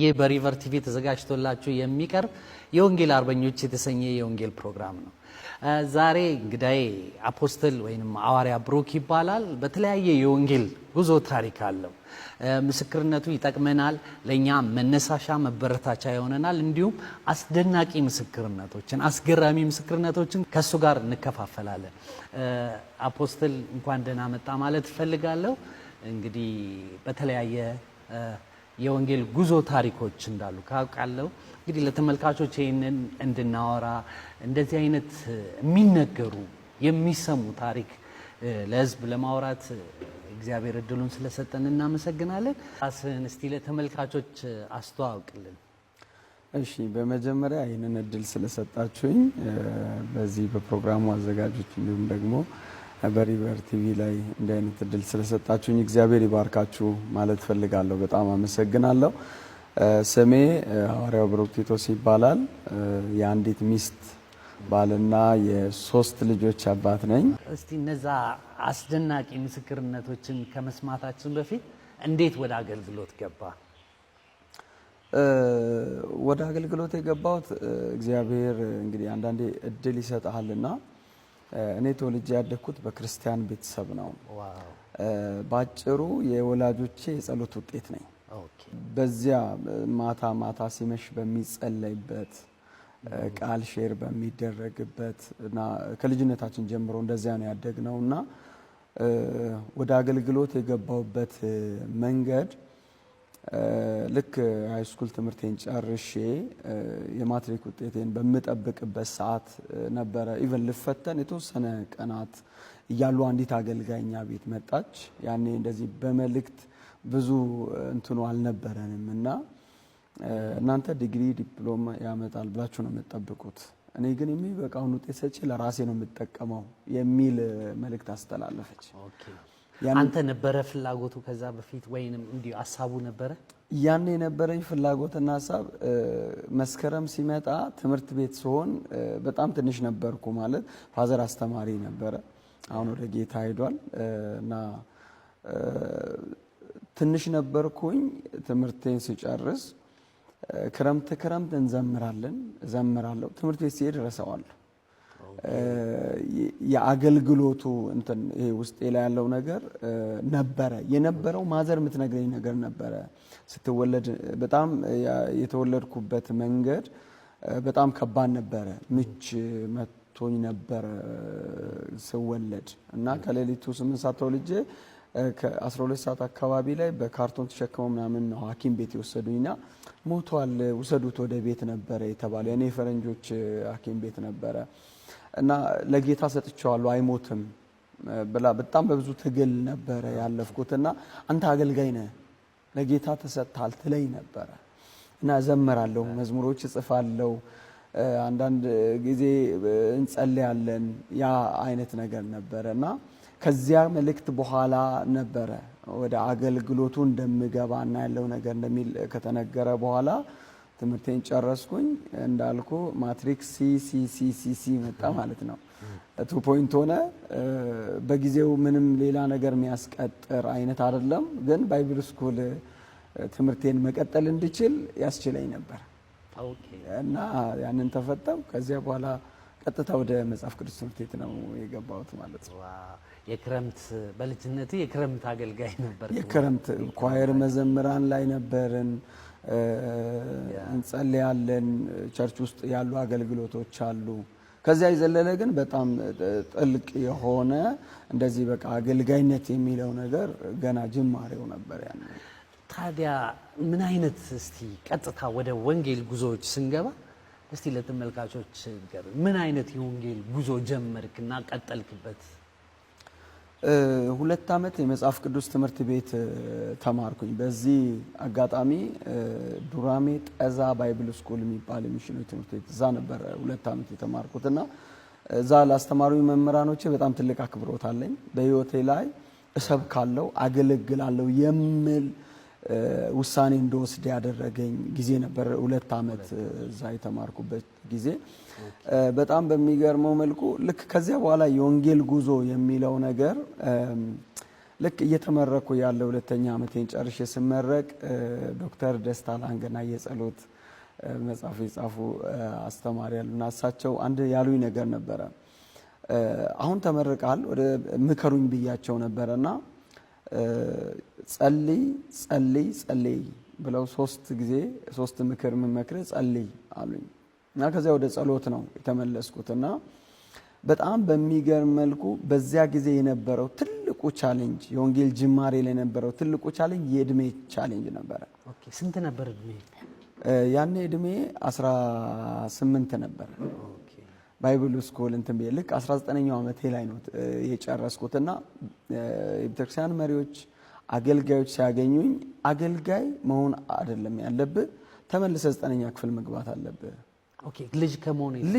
ይህ በሪቨር ቲቪ ተዘጋጅቶላችሁ የሚቀርብ የወንጌል አርበኞች የተሰኘ የወንጌል ፕሮግራም ነው። ዛሬ እንግዳዬ አፖስትል ወይም አዋርያ ብሩክ ይባላል። በተለያየ የወንጌል ጉዞ ታሪክ አለው። ምስክርነቱ ይጠቅመናል፣ ለእኛ መነሳሻ መበረታቻ ይሆነናል። እንዲሁም አስደናቂ ምስክርነቶችን፣ አስገራሚ ምስክርነቶችን ከእሱ ጋር እንከፋፈላለን። አፖስትል እንኳን ደህና መጣ ማለት እፈልጋለሁ። እንግዲህ በተለያየ የወንጌል ጉዞ ታሪኮች እንዳሉ ካውቃለሁ። እንግዲህ ለተመልካቾች ይህንን እንድናወራ እንደዚህ አይነት የሚነገሩ የሚሰሙ ታሪክ ለህዝብ ለማውራት እግዚአብሔር እድሉን ስለሰጠን እናመሰግናለን። ራስህን እስቲ ለተመልካቾች አስተዋውቅልን። እሺ፣ በመጀመሪያ ይህንን እድል ስለሰጣችሁኝ በዚህ በፕሮግራሙ አዘጋጆች እንዲሁም ደግሞ በሪቨር ቲቪ ላይ እንዲህ አይነት እድል ስለሰጣችሁኝ እግዚአብሔር ይባርካችሁ ማለት ፈልጋለሁ። በጣም አመሰግናለሁ። ስሜ ሐዋርያው ቲቶስ ይባላል። የአንዲት ሚስት ባልና የሶስት ልጆች አባት ነኝ። እስቲ እነዛ አስደናቂ ምስክርነቶችን ከመስማታችን በፊት እንዴት ወደ አገልግሎት ገባ? ወደ አገልግሎት የገባሁት እግዚአብሔር እንግዲህ አንዳንዴ እድል ይሰጥሃልና እኔ ተወልጄ ያደግኩት በክርስቲያን ቤተሰብ ነው። ባጭሩ የወላጆቼ የጸሎት ውጤት ነኝ። በዚያ ማታ ማታ ሲመሽ በሚጸለይበት ቃል ሼር በሚደረግበት እና ከልጅነታችን ጀምሮ እንደዚያ ነው ነው እና ወደ አገልግሎት የገባውበት መንገድ ልክ ሃይስኩል ትምህርቴን ጨርሼ የማትሪክ ውጤቴን በምጠብቅበት ሰዓት ነበረ ኢቨን ልፈተን የተወሰነ ቀናት እያሉ አንዲት አገልጋኛ ቤት መጣች። ያኔ እንደዚህ በመልእክት ብዙ እንትኑ አልነበረንም እና እናንተ ዲግሪ ዲፕሎማ ያመጣል ብላችሁ ነው የምጠብቁት፣ እኔ ግን የሚበቃውን ውጤት ሰጪ ለራሴ ነው የምጠቀመው የሚል መልእክት አስተላለፈች። አንተ ነበረ ፍላጎቱ ከዛ በፊት ወይንም እንዲ ሀሳቡ ነበረ? ያን የነበረኝ ፍላጎትና ሀሳብ መስከረም ሲመጣ ትምህርት ቤት ሲሆን በጣም ትንሽ ነበርኩ። ማለት ፋዘር አስተማሪ ነበረ፣ አሁን ወደ ጌታ ሄዷል እና ትንሽ ነበርኩኝ። ትምህርቴን ስጨርስ ክረምት ክረምት እንዘምራለን፣ እዘምራለሁ። ትምህርት ቤት ሲሄድ ረሳዋለሁ የአገልግሎቱ እንትን ይሄ ውስጤ ላይ ያለው ነገር ነበረ የነበረው ማዘር የምትነግረኝ ነገር ነበረ። ስትወለድ በጣም የተወለድኩበት መንገድ በጣም ከባድ ነበረ። ምች መቶኝ ነበረ ስወለድ እና ከሌሊቱ ስምንት ሰዓት ተወልጄ ከ12 ሰዓት አካባቢ ላይ በካርቶን ተሸክመው ምናምን ነው ሐኪም ቤት የወሰዱኝና ሞቷል ውሰዱት ወደ ቤት ነበረ የተባለ እኔ ፈረንጆች ሐኪም ቤት ነበረ እና ለጌታ ሰጥቼዋለሁ አይሞትም ብላ በጣም በብዙ ትግል ነበረ ያለፍኩት። እና አንተ አገልጋይ ነህ፣ ለጌታ ተሰጥታል ትለይ ነበረ እና ዘምራለሁ መዝሙሮች እጽፋለሁ፣ አንዳንድ ጊዜ እንጸልያለን። ያ አይነት ነገር ነበረ እና ከዚያ መልእክት በኋላ ነበረ ወደ አገልግሎቱ እንደምገባ እና ያለው ነገር እንደሚል ከተነገረ በኋላ ትምህርቴን ጨረስኩኝ። እንዳልኩ ማትሪክ ሲሲሲሲሲ መጣ ማለት ነው። ቱ ፖይንት ሆነ። በጊዜው ምንም ሌላ ነገር የሚያስቀጥር አይነት አይደለም፣ ግን ባይብል ስኩል ትምህርቴን መቀጠል እንድችል ያስችለኝ ነበር እና ያንን ተፈጠው ከዚያ በኋላ ቀጥታ ወደ መጽሐፍ ቅዱስ ትምህርት ቤት ነው የገባሁት ማለት ነው። የክረምት በልጅነት የክረምት አገልጋይ ነበር። የክረምት ኳየር መዘምራን ላይ ነበርን። እንጸልያለን። ቸርች ውስጥ ያሉ አገልግሎቶች አሉ። ከዚያ የዘለለ ግን በጣም ጥልቅ የሆነ እንደዚህ በቃ አገልጋይነት የሚለው ነገር ገና ጅማሬው ነበር። ያን ታዲያ ምን አይነት እስቲ ቀጥታ ወደ ወንጌል ጉዞዎች ስንገባ እስቲ ለተመልካቾች ምን አይነት የወንጌል ጉዞ ጀመርክና ቀጠልክበት? ሁለት ዓመት የመጽሐፍ ቅዱስ ትምህርት ቤት ተማርኩኝ። በዚህ አጋጣሚ ዱራሜ ጠዛ ባይብል ስኩል የሚባል የሚሽኑ ትምህርት ቤት እዛ ነበረ ሁለት ዓመት የተማርኩት እና እዛ ላስተማሪ መምህራኖቼ በጣም ትልቅ አክብሮት አለኝ። በህይወቴ ላይ እሰብካለሁ፣ አገለግላለሁ የምል ውሳኔ እንደወስድ ያደረገኝ ጊዜ ነበር። ሁለት ዓመት እዛ የተማርኩበት ጊዜ በጣም በሚገርመው መልኩ ልክ ከዚያ በኋላ የወንጌል ጉዞ የሚለው ነገር ልክ እየተመረኩ ያለ ሁለተኛ ዓመቴን ጨርሼ ስመረቅ ዶክተር ደስታ ላንገና የጸሎት መጽሐፍ የጻፉ አስተማሪ ያሉና እሳቸው አንድ ያሉኝ ነገር ነበረ። አሁን ተመርቃል ወደ ምከሩኝ ብያቸው ነበረና ጸልይ ጸልይ ጸልይ ብለው ሶስት ጊዜ ሶስት ምክር የምመክር ጸልይ አሉኝ እና ከዚያ ወደ ጸሎት ነው የተመለስኩት እና በጣም በሚገርም መልኩ በዚያ ጊዜ የነበረው ትልቁ ቻሌንጅ የወንጌል ጅማሬ ላይ የነበረው ትልቁ ቻሌንጅ የእድሜ ቻሌንጅ ነበረ። ስንት ነበር እድሜ? ያኔ እድሜ 18 ነበር። ባይብል ስኩል እንትን ልክ 19ኛው ዓመቴ ላይ ነው የጨረስኩትና የቤተክርስቲያን መሪዎች አገልጋዮች ሲያገኙኝ አገልጋይ መሆን አይደለም ያለብህ፣ ተመልሰ ዘጠነኛ ክፍል መግባት አለብህ።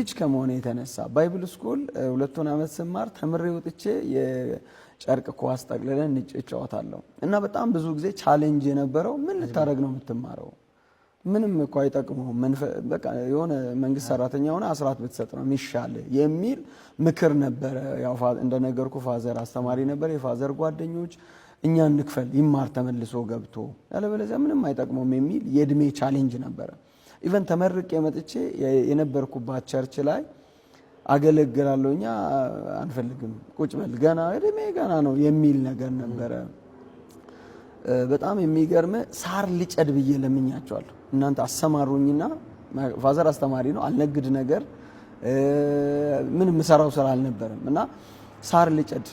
ልጅ ከመሆነ የተነሳ ባይብል ስኩል ሁለቱን ዓመት ስማር ተምሬ ወጥቼ የጨርቅ ኳስ ጠቅልለን ንጭ እጫወታለሁ እና በጣም ብዙ ጊዜ ቻሌንጅ የነበረው ምን ልታደረግ ነው የምትማረው? ምንም እኮ አይጠቅመውም። የሆነ መንግስት ሰራተኛ ሆነ አስራት ብትሰጥ ነው የሚሻል የሚል ምክር ነበረ። እንደነገርኩ ፋዘር አስተማሪ ነበር። የፋዘር ጓደኞች እኛ እንክፈል ይማር ተመልሶ ገብቶ ያለበለዚያ ምንም አይጠቅመውም የሚል የእድሜ ቻሌንጅ ነበረ። ኢቨን ተመርቄ መጥቼ የነበርኩባት ቸርች ላይ አገለግላለሁ እኛ አንፈልግም ቁጭ በል ገና እድሜ ገና ነው የሚል ነገር ነበረ። በጣም የሚገርም ሳር ልጨድ ብዬ ለምኛቸዋለሁ። እናንተ አሰማሩኝና ፋዘር አስተማሪ ነው አልነግድ ነገር ምን የምሰራው ስራ አልነበረም እና ሳር ልጨድ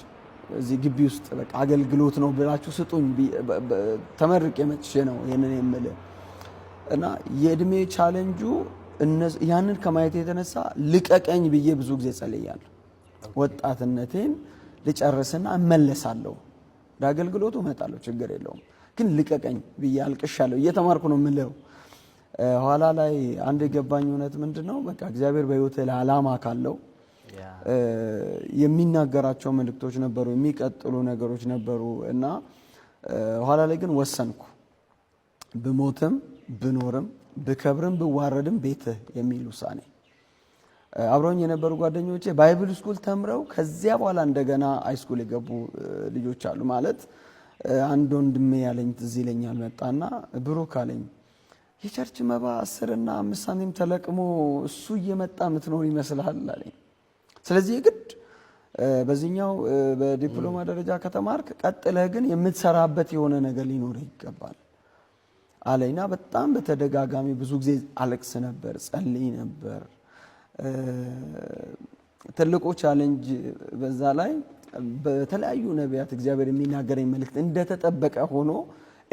እዚህ ግቢ ውስጥ በቃ አገልግሎት ነው ብላችሁ ስጡኝ ተመርቄ መጥቼ ነው ይህንን የምልህ እና የእድሜ ቻለንጁ ያንን ከማየት የተነሳ ልቀቀኝ ብዬ ብዙ ጊዜ ጸልያለሁ። ወጣትነቴን ልጨርስና እመለሳለሁ፣ ለአገልግሎቱ እመጣለሁ፣ ችግር የለውም ግን ልቀቀኝ ብዬ አልቅሻለሁ። እየተማርኩ ነው የምለው። ኋላ ላይ አንድ የገባኝ እውነት ምንድን ነው፣ በቃ እግዚአብሔር በህይወት ለዓላማ ካለው የሚናገራቸው መልእክቶች ነበሩ፣ የሚቀጥሉ ነገሮች ነበሩ እና ኋላ ላይ ግን ወሰንኩ ብሞትም ብኖርም ብከብርም ብዋረድም ቤትህ የሚል ውሳኔ። አብረውኝ የነበሩ ጓደኞቼ ባይብል ስኩል ተምረው ከዚያ በኋላ እንደገና ሃይስኩል የገቡ ልጆች አሉ። ማለት አንድ ወንድሜ ያለኝ ትዝ ይለኛል። መጣና ብሩክ አለኝ የቸርች መባ አስርና አምስት ሳንቲም ተለቅሞ እሱ እየመጣ ምትኖር ይመስልሃል አለኝ። ስለዚህ ግድ በዚህኛው በዲፕሎማ ደረጃ ከተማርክ ቀጥለህ ግን የምትሰራበት የሆነ ነገር ሊኖር ይገባል አለኝና በጣም በተደጋጋሚ ብዙ ጊዜ አለቅስ ነበር፣ ጸልይ ነበር። ትልቁ ቻለንጅ በዛ ላይ በተለያዩ ነቢያት እግዚአብሔር የሚናገረኝ መልእክት እንደተጠበቀ ሆኖ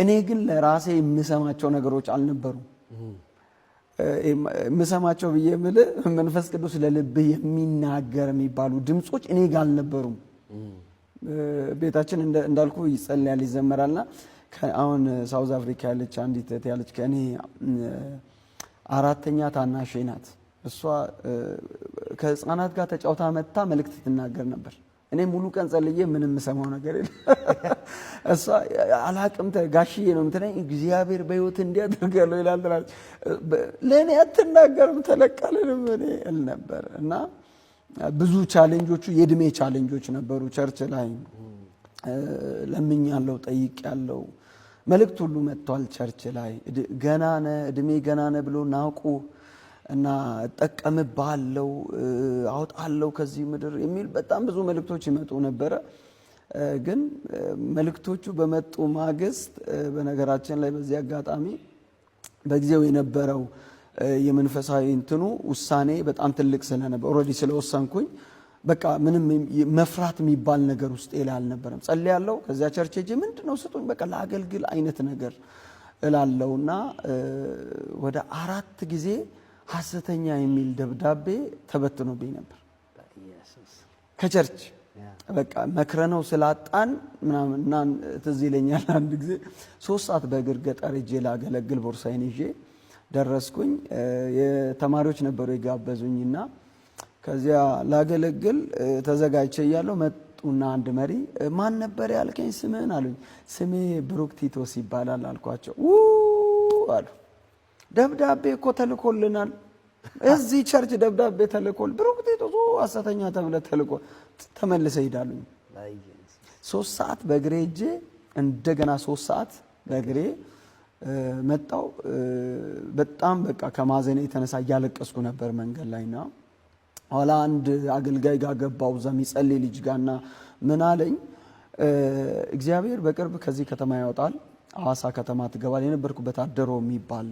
እኔ ግን ለራሴ የምሰማቸው ነገሮች አልነበሩም። የምሰማቸው ብዬ ምል መንፈስ ቅዱስ ለልብህ የሚናገር የሚባሉ ድምፆች እኔ ጋ አልነበሩም። ቤታችን እንዳልኩ ይጸልያል ይዘመራልና አሁን ሳውዝ አፍሪካ ያለች አንዲት እህት ያለች ከእኔ አራተኛ ታናሽ ናት። እሷ ከህፃናት ጋር ተጫውታ መጥታ መልእክት ትናገር ነበር። እኔ ሙሉ ቀን ጸልዬ ምንም ሰማው ነገር የለ እሷ አላቅምተ ጋሽዬ ነው ምትለኝ። እግዚአብሔር በሕይወት እንዲያደርጋለሁ ይላል ትላል ለእኔ አትናገርም ተለቃልንም እኔ እል ነበር እና ብዙ ቻሌንጆቹ የእድሜ ቻሌንጆች ነበሩ። ቸርች ላይ ለምኝ ያለው ጠይቅ ያለው መልእክት ሁሉ መጥቷል። ቸርች ላይ ገናነ እድሜ ገናነ ብሎ ናቁ እና እጠቀምባለው አውጣለው ከዚህ ምድር የሚል በጣም ብዙ መልእክቶች ይመጡ ነበረ። ግን መልእክቶቹ በመጡ ማግስት በነገራችን ላይ በዚህ አጋጣሚ በጊዜው የነበረው የመንፈሳዊ እንትኑ ውሳኔ በጣም ትልቅ ስለነበር ኦልሬዲ ስለወሰንኩኝ በቃ ምንም መፍራት የሚባል ነገር ውስጥ ላ አልነበረም። ያለው ከዚያ ቸርቼጅ ሄጄ ነው ስጡኝ በቃ ለአገልግል አይነት ነገር እላለሁና ወደ አራት ጊዜ ሀሰተኛ የሚል ደብዳቤ ተበትኖብኝ ነበር ከቸርች በቃ መክረነው ስላጣን ምናምንና ትዝ ይለኛል። አንድ ጊዜ ሶስት ሰዓት በእግር ገጠር እጄ ላገለግል ቦርሳይን ይዤ ደረስኩኝ። የተማሪዎች ነበሩ የጋበዙኝ እና ከዚያ ላገለግል ተዘጋጅቼ እያለው መጡና አንድ መሪ ማን ነበር ያልከኝ ስምህን አሉኝ። ስሜ ብሩክ ቲቶስ ይባላል አልኳቸው። አሉ ደብዳቤ እኮ ተልኮልናል። እዚህ ቸርች ደብዳቤ ተልኮል ብሩ ጊዜ ጦሶ ሐሰተኛ ተብለ ተልኮ ተመልሰ ይሄዳሉ። ሶስት ሰዓት በእግሬ እጄ እንደገና ሶስት ሰዓት በእግሬ መጣው። በጣም በቃ ከማዘን የተነሳ እያለቀስኩ ነበር መንገድ ላይ ና ኋላ አንድ አገልጋይ ጋር ገባው እዛ የሚጸልይ ልጅ ጋርና ምን አለኝ፣ እግዚአብሔር በቅርብ ከዚህ ከተማ ያወጣል ሐዋሳ ከተማ ትገባል። የነበርኩበት አደሮ የሚባል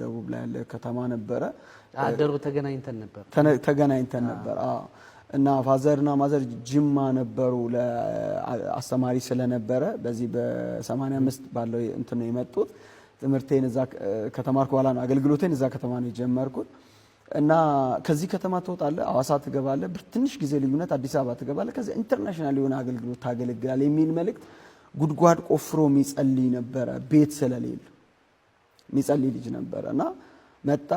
ደቡብ ላይ ያለ ከተማ ነበረ። አደሮ ተገናኝተን ነበር ተገናኝተን ነበር እና ፋዘርና ማዘር ጅማ ነበሩ። አስተማሪ ስለነበረ በዚህ በ85 ባለው እንትን ነው የመጡት። ትምህርቴን እዛ ከተማርኩ በኋላ ነው አገልግሎቴን እዛ ከተማ ነው የጀመርኩት። እና ከዚህ ከተማ ትወጣለህ፣ አዋሳ ትገባለህ፣ ትንሽ ጊዜ ልዩነት አዲስ አበባ ትገባለህ፣ ከዚያ ኢንተርናሽናል የሆነ አገልግሎት ታገለግላለህ የሚል መልእክት ጉድጓድ ቆፍሮ የሚጸልይ ነበረ። ቤት ስለሌለ የሚጸልይ ልጅ ነበረ እና መጣ።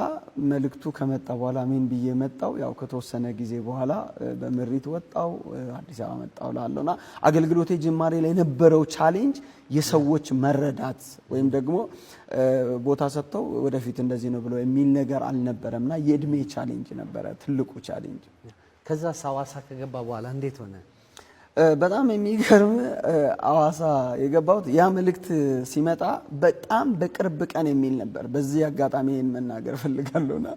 መልእክቱ ከመጣ በኋላ ሜን ብዬ መጣው። ያው ከተወሰነ ጊዜ በኋላ በምሪት ወጣው፣ አዲስ አበባ መጣው ላለው እና አገልግሎቴ ጅማሬ ላይ የነበረው ቻሌንጅ የሰዎች መረዳት ወይም ደግሞ ቦታ ሰጥተው ወደፊት እንደዚህ ነው ብለው የሚል ነገር አልነበረም ና የእድሜ ቻሌንጅ ነበረ ትልቁ ቻሌንጅ። ከዛ ሐዋሳ ከገባ በኋላ እንዴት ሆነ? በጣም የሚገርም አዋሳ የገባሁት ያ መልእክት ሲመጣ በጣም በቅርብ ቀን የሚል ነበር። በዚህ አጋጣሚ ይህን መናገር ፈልጋለሁና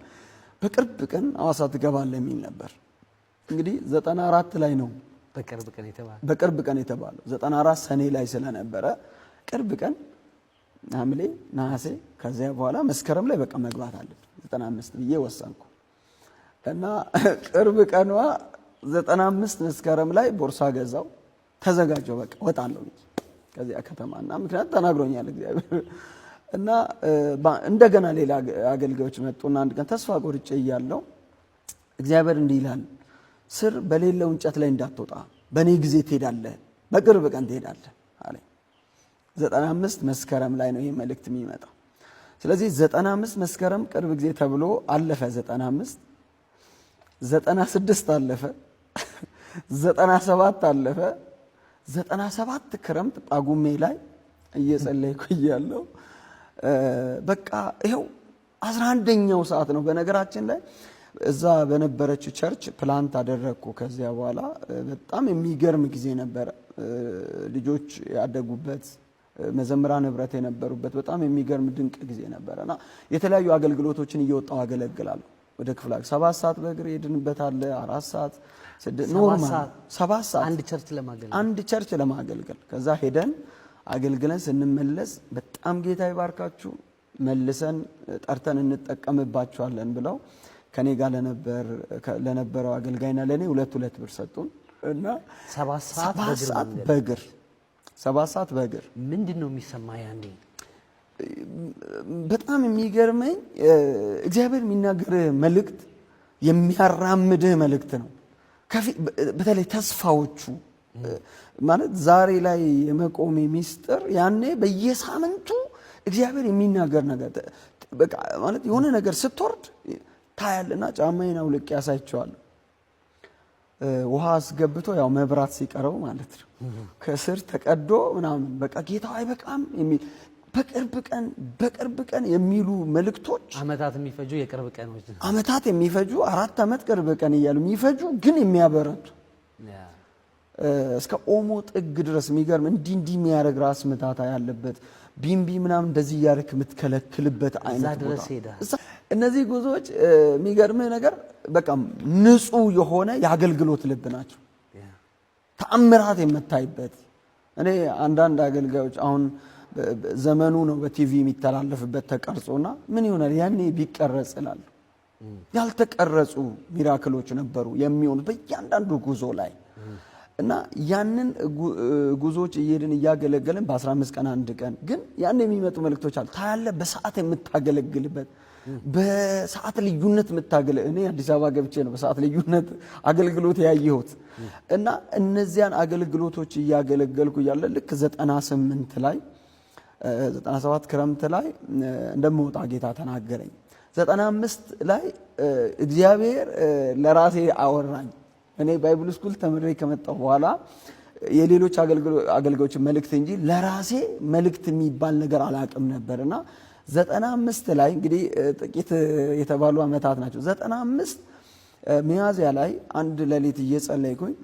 በቅርብ ቀን አዋሳ ትገባለህ የሚል ነበር። እንግዲህ ዘጠና አራት ላይ ነው በቅርብ ቀን የተባለው ዘጠና አራት ሰኔ ላይ ስለነበረ ቅርብ ቀን ሐምሌ፣ ነሐሴ ከዚያ በኋላ መስከረም ላይ በቃ መግባት አለብን ዘጠና አምስት ብዬ ወሰንኩ እና ቅርብ ቀኗ ዘጠና አምስት መስከረም ላይ ቦርሳ ገዛው ተዘጋጀው። በቃ ወጣለሁ ከዚያ ከተማ እና ምክንያት ተናግሮኛል እግዚአብሔር እና እንደገና ሌላ አገልጋዮች መጡና አንድ ቀን ተስፋ ቆርጬ እያለሁ እግዚአብሔር እንዲህ ይላል፣ ስር በሌለው እንጨት ላይ እንዳትወጣ፣ በእኔ ጊዜ ትሄዳለህ፣ በቅርብ ቀን ትሄዳለህ አለኝ። መስከረም ላይ ነው ይህ መልእክት የሚመጣው። ስለዚህ ዘጠና መስከረም ቅርብ ጊዜ ተብሎ አለፈ። ዘጠና ዘጠና ስድስት አለፈ። ዘጠና ሰባት አለፈ። ዘጠና ሰባት ክረምት ጳጉሜ ላይ እየጸለይኩ እያለሁ በቃ ይኸው አስራ አንደኛው ሰዓት ነው። በነገራችን ላይ እዛ በነበረችው ቸርች ፕላንት አደረግኩ። ከዚያ በኋላ በጣም የሚገርም ጊዜ ነበረ። ልጆች ያደጉበት መዘምራን ህብረት የነበሩበት በጣም የሚገርም ድንቅ ጊዜ ነበረ እና የተለያዩ አገልግሎቶችን እየወጣው አገለግላለሁ። ወደ ክፍለ ሀገር ሰባት ሰዓት በእግር ሄድንበት አለ። አራት ሰዓት ስድስት ኖርማል ሰባት ሰዓት አንድ ቸርች ለማገልገል አንድ ቸርች ለማገልገል ከዛ ሄደን አገልግለን ስንመለስ በጣም ጌታ ይባርካችሁ መልሰን ጠርተን እንጠቀምባቸዋለን ብለው ከኔ ጋር ለነበር ለነበረው አገልጋይና ለእኔ ሁለት ሁለት ብር ሰጡን እና ሰባት ሰዓት በእግር ሰባት ሰዓት በእግር ምንድን ነው የሚሰማ ያኔ በጣም የሚገርመኝ እግዚአብሔር የሚናገርህ መልእክት የሚያራምድህ መልእክት ነው። በተለይ ተስፋዎቹ ማለት ዛሬ ላይ የመቆሜ ሚስጥር ያኔ በየሳምንቱ እግዚአብሔር የሚናገር ነገር ማለት የሆነ ነገር ስትወርድ ታያለና ጫማዬን አውልቄ ያሳይቸዋል። ውሃ አስገብቶ ያው መብራት ሲቀረው ማለት ነው ከስር ተቀዶ ምናምን በቃ ጌታው አይበቃም የሚል በቅርብ ቀን በቅርብ ቀን የሚሉ መልእክቶች አመታት የሚፈጁ የቅርብ ቀኖች አመታት የሚፈጁ አራት አመት ቅርብ ቀን እያሉ የሚፈጁ ግን የሚያበረቱ እስከ ኦሞ ጥግ ድረስ የሚገርም እንዲህ እንዲህ የሚያደርግ ራስ ምታታ ያለበት ቢምቢ ምናምን እንደዚህ እያደረክ የምትከለክልበት አይነት ቦታ። እነዚህ ጉዞዎች የሚገርም ነገር በቃ ንጹህ የሆነ የአገልግሎት ልብ ናቸው። ተአምራት የምታይበት እኔ አንዳንድ አገልጋዮች አሁን ዘመኑ ነው በቲቪ የሚተላለፍበት ተቀርጾና ምን ይሆናል ያኔ ቢቀረጽ እላለሁ። ያልተቀረጹ ሚራክሎች ነበሩ የሚሆኑት በእያንዳንዱ ጉዞ ላይ እና ያንን ጉዞዎች እየሄድን እያገለገልን በ15 ቀን አንድ ቀን ግን ያን የሚመጡ መልክቶች አሉ። ታያለ በሰዓት የምታገለግልበት በሰዓት ልዩነት የምታገለ እኔ አዲስ አበባ ገብቼ ነው በሰዓት ልዩነት አገልግሎት ያየሁት እና እነዚያን አገልግሎቶች እያገለገልኩ እያለ ልክ 98 ላይ 97 ክረምት ላይ እንደምወጣ ጌታ ተናገረኝ። 95 ላይ እግዚአብሔር ለራሴ አወራኝ። እኔ ባይብል ስኩል ተምሬ ከመጣሁ በኋላ የሌሎች አገልጋዮች መልእክት እንጂ ለራሴ መልእክት የሚባል ነገር አላውቅም ነበር እና ዘጠና ላይ እንግዲህ ጥቂት የተባሉ ዓመታት ናቸው። 95 አምስት ሚያዝያ ላይ አንድ ሌሊት እየጸለይኩኝ